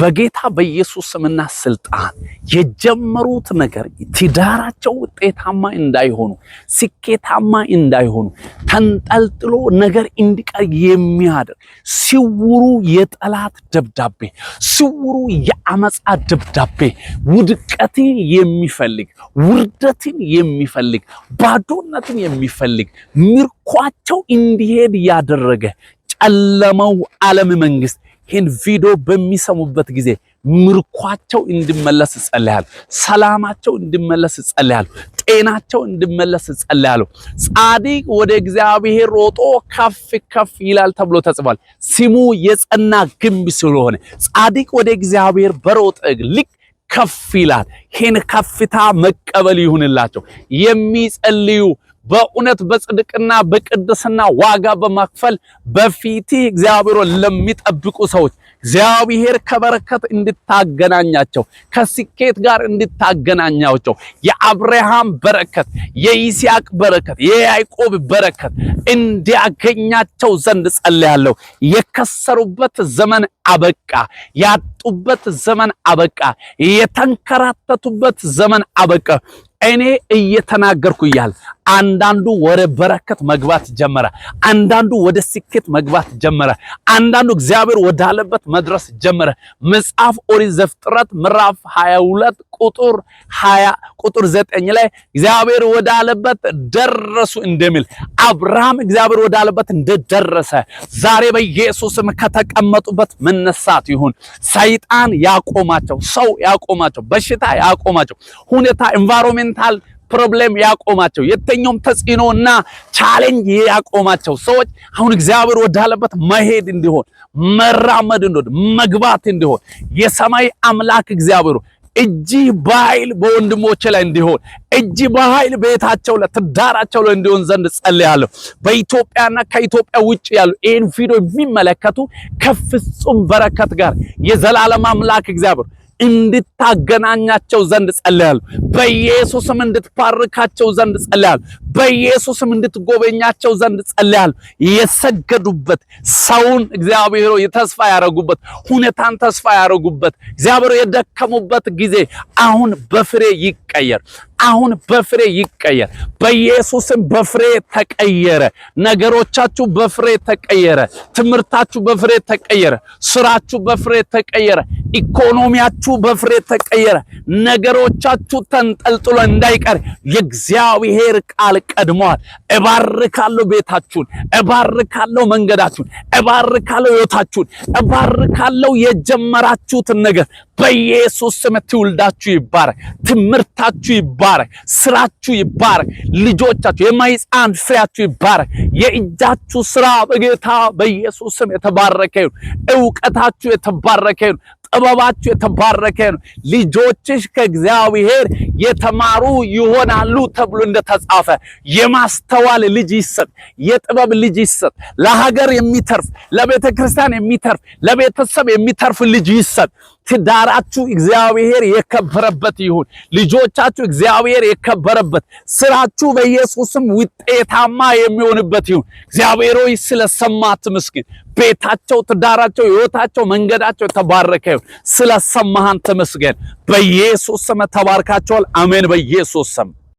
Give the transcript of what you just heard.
በጌታ በኢየሱስ ስምና ስልጣን የጀመሩት ነገር ትዳራቸው ውጤታማ እንዳይሆኑ፣ ስኬታማ እንዳይሆኑ፣ ተንጠልጥሎ ነገር እንዲቀር የሚያደርግ ስውሩ የጠላት ደብዳቤ፣ ስውሩ የአመፃ ደብዳቤ፣ ውድቀትን የሚፈልግ ውርደትን የሚፈልግ ባዶነትን የሚፈልግ ምርኳቸው እንዲሄድ ያደረገ ጨለመው ዓለም መንግስት ይህን ቪዲዮ በሚሰሙበት ጊዜ ምርኳቸው እንዲመለስ እጸልያለሁ። ሰላማቸው እንዲመለስ እጸልያለሁ። ጤናቸው እንዲመለስ እጸልያለሁ። ጻድቅ ወደ እግዚአብሔር ሮጦ ከፍ ከፍ ይላል ተብሎ ተጽፏል። ስሙ የጸና ግንብ ስለሆነ ጻድቅ ወደ እግዚአብሔር በሮጠ ልክ ከፍ ይላል። ይህን ከፍታ መቀበል ይሁንላቸው የሚጸልዩ በእውነት በጽድቅና በቅድስና ዋጋ በመክፈል በፊትህ እግዚአብሔር ለሚጠብቁ ሰዎች እግዚአብሔር ከበረከት እንድታገናኛቸው ከስኬት ጋር እንድታገናኛቸው የአብርሃም በረከት፣ የይስሐቅ በረከት፣ የያዕቆብ በረከት እንዲያገኛቸው ዘንድ ጸልያለሁ። የከሰሩበት ዘመን አበቃ። ያጡበት ዘመን አበቃ። የተንከራተቱበት ዘመን አበቃ። እኔ እየተናገርኩ እያል አንዳንዱ ወደ በረከት መግባት ጀመረ። አንዳንዱ ወደ ስኬት መግባት ጀመረ። አንዳንዱ እግዚአብሔር ወዳለበት መድረስ ጀመረ። መጽሐፍ ኦሪት ዘፍጥረት ምዕራፍ 22 ቁጥር 20 ቁጥር 9 ላይ እግዚአብሔር ወዳለበት ደረሱ እንደሚል አብርሃም እግዚአብሔር ወዳለበት እንደደረሰ ዛሬ በኢየሱስም ከተቀመጡበት መነሳት ይሁን። ሰይጣን ያቆማቸው፣ ሰው ያቆማቸው፣ በሽታ ያቆማቸው፣ ሁኔታ ኢንቫይሮሜንታል ፕሮብሌም ያቆማቸው፣ የተኛውም ተጽዕኖ እና ቻሌንጅ ያቆማቸው ሰዎች አሁን እግዚአብሔር ወዳለበት መሄድ እንዲሆን መራመድ እንዲሆን መግባት እንዲሆን የሰማይ አምላክ እግዚአብሔር እጅ በኃይል በወንድሞች ላይ እንዲሆን እጅ በኃይል ቤታቸው ላይ ትዳራቸው ላይ እንዲሆን ዘንድ ጸልያለሁ። በኢትዮጵያና ከኢትዮጵያ ውጭ ያሉ ይህን ቪዲዮ የሚመለከቱ ከፍጹም በረከት ጋር የዘላለም አምላክ እግዚአብሔር እንድታገናኛቸው ዘንድ ጸልያለሁ። በኢየሱስም እንድትባርካቸው ዘንድ ጸልያለሁ። በኢየሱስም እንድትጎበኛቸው ዘንድ ጸልያለሁ። የሰገዱበት ሰውን እግዚአብሔር የተስፋ ያረጉበት ሁኔታን ተስፋ ያረጉበት እግዚአብሔር የደከሙበት ጊዜ አሁን በፍሬ ይቀየር፣ አሁን በፍሬ ይቀየር። በኢየሱስም በፍሬ ተቀየረ። ነገሮቻችሁ በፍሬ ተቀየረ። ትምህርታችሁ በፍሬ ተቀየረ። ስራችሁ በፍሬ ተቀየረ። ኢኮኖሚያችሁ በፍሬ ተቀየረ። ነገሮቻችሁ ተንጠልጥሎ እንዳይቀር የእግዚአብሔር ቃል ቀድመዋል። እባርካለሁ ቤታችሁን፣ እባርካለሁ መንገዳችሁን፣ እባርካለሁ ሕይወታችሁን፣ እባርካለሁ የጀመራችሁትን ነገር በኢየሱስ ስም። ትውልዳችሁ ይባረክ፣ ትምህርታችሁ ይባረክ፣ ስራችሁ ይባረክ፣ ልጆቻችሁ የማይፃን ፍሬያችሁ ይባረክ። የእጃችሁ ስራ በጌታ በኢየሱስ ስም የተባረከ ይሁን። እውቀታችሁ የተባረከ ይሁን። ጥበባችሁ የተባረከ ነው። ልጆችሽ ከእግዚአብሔር የተማሩ ይሆናሉ ተብሎ እንደተጻፈ የማስተዋል ልጅ ይሰጥ፣ የጥበብ ልጅ ይሰጥ፣ ለሀገር የሚተርፍ ለቤተ ክርስቲያን የሚተርፍ ለቤተሰብ የሚተርፍ ልጅ ይሰጥ። ትዳራችሁ እግዚአብሔር የከበረበት ይሁን። ልጆቻችሁ እግዚአብሔር የከበረበት፣ ስራችሁ በኢየሱስም ውጤታማ የሚሆንበት ይሁን። እግዚአብሔር ሆይ ስለሰማት ምስኪን ቤታቸው፣ ትዳራቸው፣ ህይወታቸው፣ መንገዳቸው የተባረከ ይሁን። ስለሰማህን ተመስገን። በኢየሱስ ስም ተባርካቸዋል። አሜን። በኢየሱስ ስም